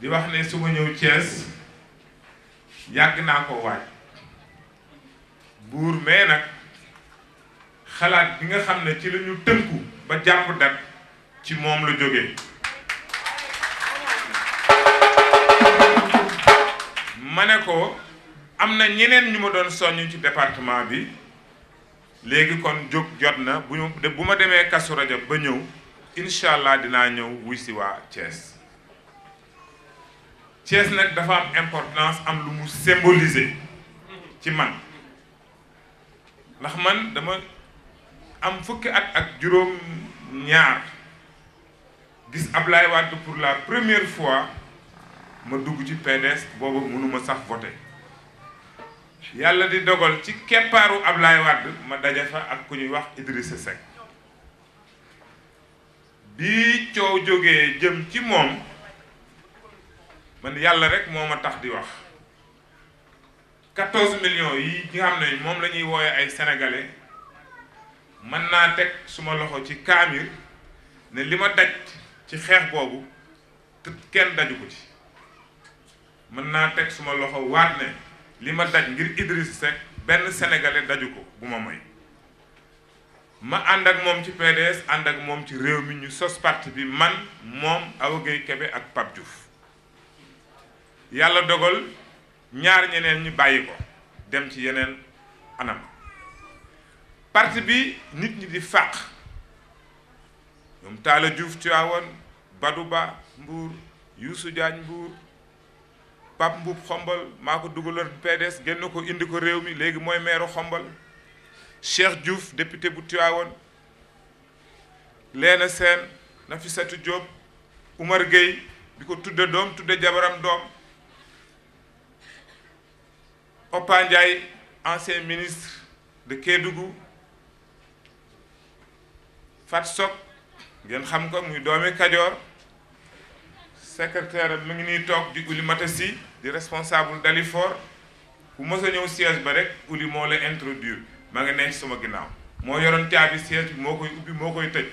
di wax ne su ma ñëw Thiès yàgg naa ko waaj buur mais nag xalaat bi nga xam ne ci la ñu tënku ba jàpp dat ci moom la jógee ma ne ko am na ñeneen ñu ma doon soññ ci département bi léegi kon jóg jot na bu ñu bu ma demee Kazu Rajab ba ñëw incha allah dinaa ñëw wuy si waa Thiès Thiès nag dafa am importance am lu mu symboliser ci man ndax man dama am fukki at ak juróom ñaar gis Ablaye wàdd pour la première fois ma dugg ci PDS boobu mënuma sax voté yàlla di dogal ci keppaaru Ablaye wàdd ma daje fa ak ku ñuy wax Idrissa Seck bi coow jógee jëm ci moom man yàlla rek moo ma tax di wax quatorze millions yi nga xam ne moom lañuy ñuy wooye ay sénégalais mën naa teg suma loxo ci kaamir ne li ma daj ci xeex boobu te kenn daju ko ci mën naa teg suma loxo waat ne li ma daj ngir Idriss Seck benn sénégalais daju ko bu ma may ma ànd ak moom ci PDS ànd ak moom ci réew mi ñu sos parti bi man moom Awa Gueye Kébé ak Pape Diouf yàlla dogal ñaar ñeneen ñi bàyyi ko dem ci yeneen anam parti bi nit ñi di fàq ñoom Talla Diouf Tivaouane Badou Ba Mbour Youssou Diagne Mbour Pape Mboup maa ko dugaloon PDS génn ko indi ko réew mi léegi mooy meeru xombal Cheikh juuf député bu Tivaouane Léna Sène Nafissatou Diop Oumar Gueye di ko tudde doom tudde jabaram doom Papa Ndiaye ancien ministre de Kédougou Fat Sok ngeen xam ko muy doomi Kajoor secrétaire mi ngi nii toog di Uli Matasi di responsable Dalifort ku mës a ñëw siège ba rek Uli moo la introduire ma ngi nekk sama ginnaaw moo yoroon caabi siège bi moo koy ubbi moo koy tëj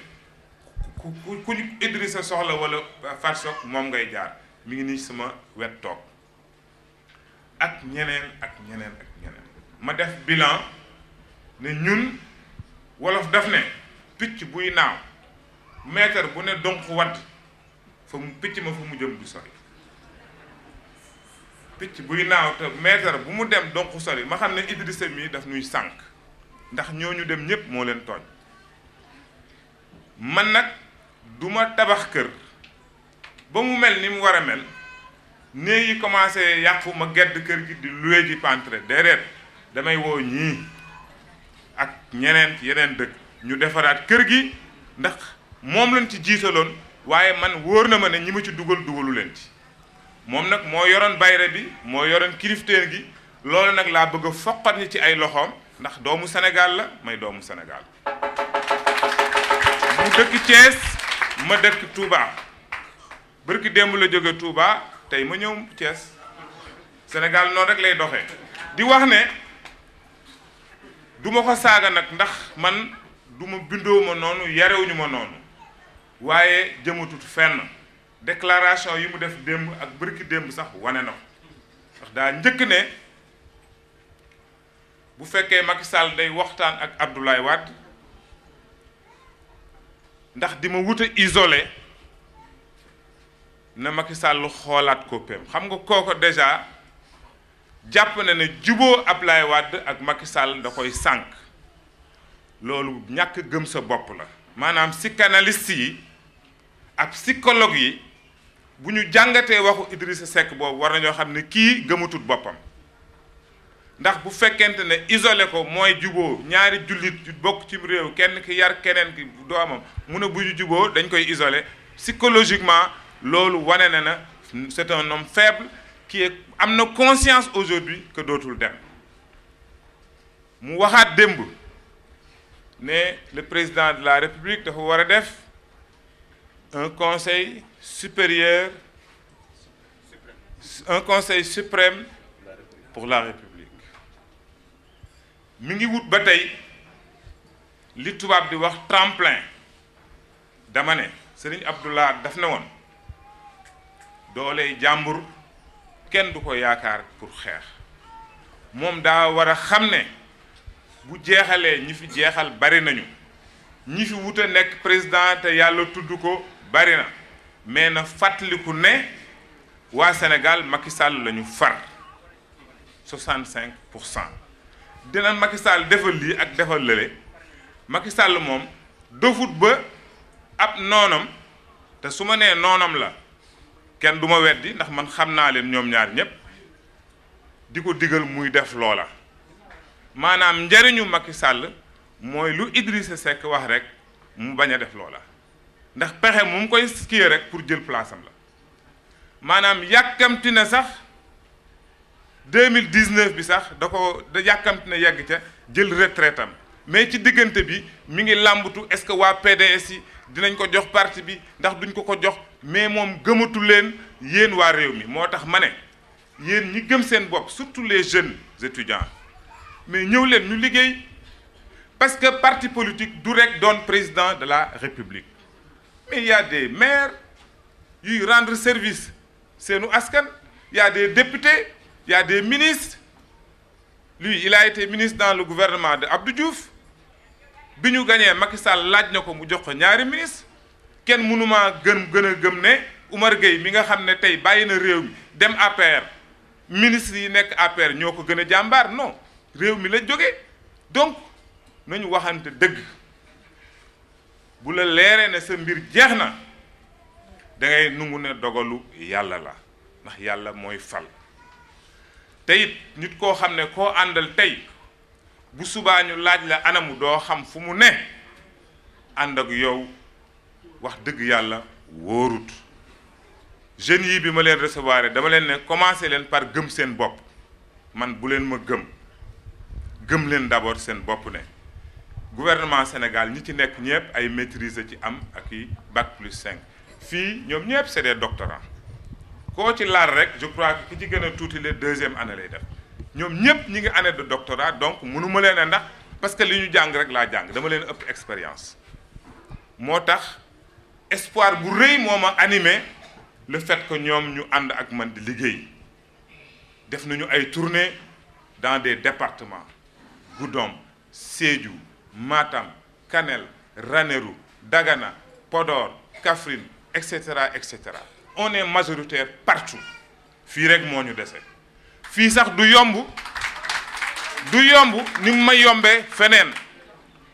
ku ku ku Idrissa soxla wala Fat moom ngay jaar mi ngi nii sama wet toog ak ñeneen ak ñeneen ma def bilan ne ñun wolof daf ne picc buy naaw mètre bu ne donc wadd fa mu picc ma fa mu jëm du sori picc buy naaw te mètre bu mu dem donc sori ma xam ne Idrissa mi daf ñuy sànq ndax ñooñu dem ñépp moo leen tooñ man nag duma tabax kër ba mu mel ni mu war a mel néeg yi commencé yàqu ma gedd kër gi di luwe ji pentre déedéet damay woo ñii ak ñeneen yeneen dëkk ñu defaraat kër gi ndax moom lañ ci jiitaloon waaye man wóor na ma ne ñi ma ci dugal dugalu leen ci moom nag moo yoroon bayre bi moo yoroon kilifteen gi loolu nag laa bëgg a foqat ñi ci ay loxoom ndax doomu Sénégal la may doomu Sénégal mu dëkk Thiès ma dëkk Touba bërki démb la jóge tuubaa tey ma ñëw Thiès senegal noonu rek lay doxe di wax ne duma ko saaga nag ndax man duma bindoo ma noonu yarewuñu ma noonu waaye jëmatut fenn déclaration yi mu def démb ak bërki démb sax wane na ko ndax daa njëkk ne bu fekkee Macky Sall day waxtaan ak Abdoulaye Wade ndax di ma wut a na Macky Sall xoolaat koppeem xam nga kooko déjà jàpp na ne juboo Ablaye Wade ak Macky Sall da koy sànq loolu ñàkk gëm sa bopp la maanaam psychanalyste yi ak psychologue yi bu ñu jàngatee waxu Idrissa Seck boobu war nañoo xam ne kii gëmatul boppam ndax bu fekkente ne isolé ko mooy juboo ñaari jullit bokk ci réew kenn ki yar keneen ki doomam mu ne bu ñu juboo dañ koy isole psychologiquement loolu wane na na c'est un homme faible qui est am na conscience aujourd'hui que dootul dem mu waxaat démb ne le président de la république dafa war a def un conseil supérieur un conseil suprême pour la république mu ngi wut ba tey li tubaab di wax tremplin dama ne Serigne Abdoulaye daf na woon dooley jàmbur kenn du ko yaakaar pour xeex moom daa war a xam ne bu jeexalee ñi fi jeexal bari nañu ñi fi wuta nekk président te yàlla tudd ko bari na mais na fàttaliku ne waa Sénégal Macky Sall la ñu far 65 pour cent dina Macky Sall defal lii ak defal lële Macky Sall moom dofut ba ab noonam te su ma nee noonam la kenn du ma weddi ndax man xam naa leen ñoom ñaar ñépp di ko digal muy def loola maanaam njariñu Macky sàll mooy lu Idrissa Seck wax rek mu bañ a def loola ndax pexe mu koy skier rek pour jël place am la maanaam yàkkamti na sax mille 2019 bi sax da ko da yàkkamti na yegg ca jël retraite am mais ci diggante bi mi ngi làmbatu est-ce que waa PDS yi dinañ ko jox parti bi ndax duñ ko ko jox mais moom gëmatu leen yéen waa réew mi moo tax ma ne yéen ñi gëm seen bopp surtout les jeunes étudiants mais ñëw leen ñu liggéey parce que parti politique du rekk doon président de la république mais il y a yuy rendre service seenu askan il y a des députés il a des ministres lui il a été ministre dans le gouvernement de Abdou Diouf bi ñu gañee Macky Sall laaj na ko mu jox ko ñaari ministre kenn mënuma gën gën a gëm ne Oumar Gueye mi nga xam ne tey bàyyi na réew mi dem APR ministre yi nekk APR ñoo ko gën a jàmbaar non réew mi la jóge donc nañu waxante dëgg bu la leeree ne sa mbir jeex na dangay ngay nungu ne dogalu yàlla la ndax yàlla mooy fal te nit koo xam ne koo àndal tey bu subaa ñu laaj la anamu doo xam fu mu ne ànd ak yow wax dëgg yàlla wóorut jeunes yii bi ma leen recevoir dama leen ne commencé leen par gëm seen bopp man bu leen ma gëm gëm leen d'abord seen bopp ne gouvernement Sénégal ñi ci nekk ñëpp ay maîtriser ci am ak i bac plus cinq fii ñoom ñëpp c'est des doctorants koo ci laal rek je crois ki ci gën a tuuti le deuxième année lay def. ñoom ñëpp ñi ngi année de doctorat donc mënu ma leen ndax parce que li ñu jàng rek laa jàng dama leen ëpp expérience moo tax espoir bu rëy moo ma animé le fait que ñoom ñu ànd ak man di liggéey def ñu ay tournée dans des départements Goudomp Sédhiou maatam Kanel Ranérou Dagana Podor Kaffrine et cetera et cetera on est majoritaire partout fii rek moo ñu dese fii sax du yomb du yomb ni mu ma yombee feneen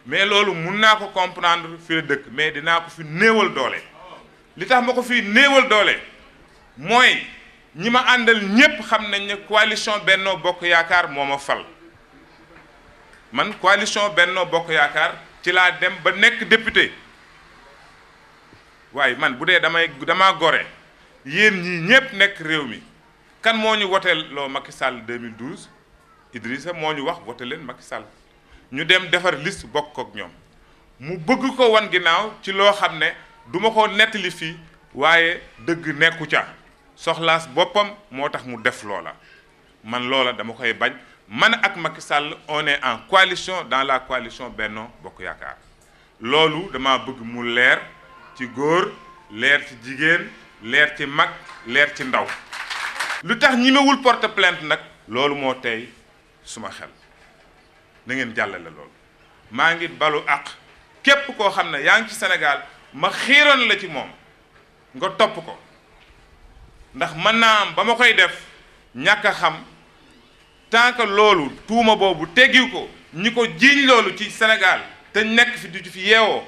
mais loolu mun naa ko comprendre fi la dëkk mais dinaa ko fi néewal doole li tax ma ko fi néewal doole mooy ñi ma àndal ñépp xam nañ ne coalition Benno Bokk Yaakaar moo ma fal man coalition Benno Bokk Yaakaar ci laa dem ba nekk député waaye man bu dee damay dama gore yéen ñi ñépp nekk réew mi kan moo ñu woteel loo Macky Sall 2012 Idrissa moo ñu wax wote leen Macky Sall ñu dem defar liste bokk ak ñoom mu bëgg ko wan ginnaaw ci loo xam ne duma ko nettali fii waaye dëgg nekku ca soxlaas boppam moo tax mu def loola man loola dama koy bañ man ak Macky sàll on est en coalition dans la coalition Benno Bokk Yaakaar loolu dama bëgg mu leer ci góor leer ci jigéen leer ci mag leer ci ndaw lu tax ñimewul porte plainte nag loolu moo tey suma xel na ngeen jàllale loolu maa ngi balu àq képp koo xam ne yaa ngi ci Sénégal ma xiiroon la ci moom nga topp ko ndax mën naa am ba ma koy def ñàkk xam tant loolu tuuma boobu teggi ko ñi ko jiiñ loolu ci senegal te nekk fi du fi yeewoo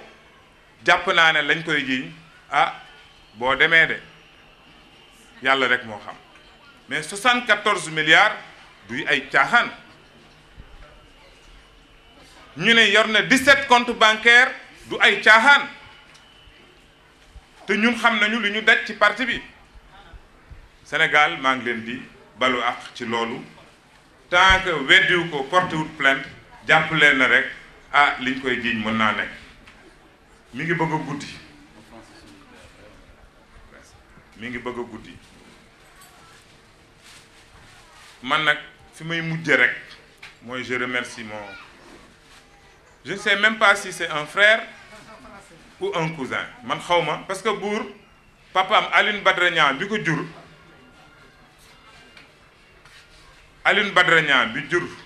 jàpp naa ne lañ koy jiiñ ah boo demee de yàlla rek moo xam mais 74 milliards duy ay caaxaan ñu ne yor na 17 comptes bancaires du ay caaxaan te ñun xam nañu lu ñu daj ci parti bi senegal maa ngi leen di balu ak ci loolu tant que weddiwu ko porté wut plainte jàpp leen rek ah liñ koy jiiñ mën naa nekk mi ngi bëgg a guddi mi ngi bëgg a guddi man nag fi may mujje rek mooy je remercie mon je ne même pas si c'est un frère ou un cousin man xaw ma parce que buur papaam Alioune Badara Niang bi ko jur Alioune Badara Niang bi jur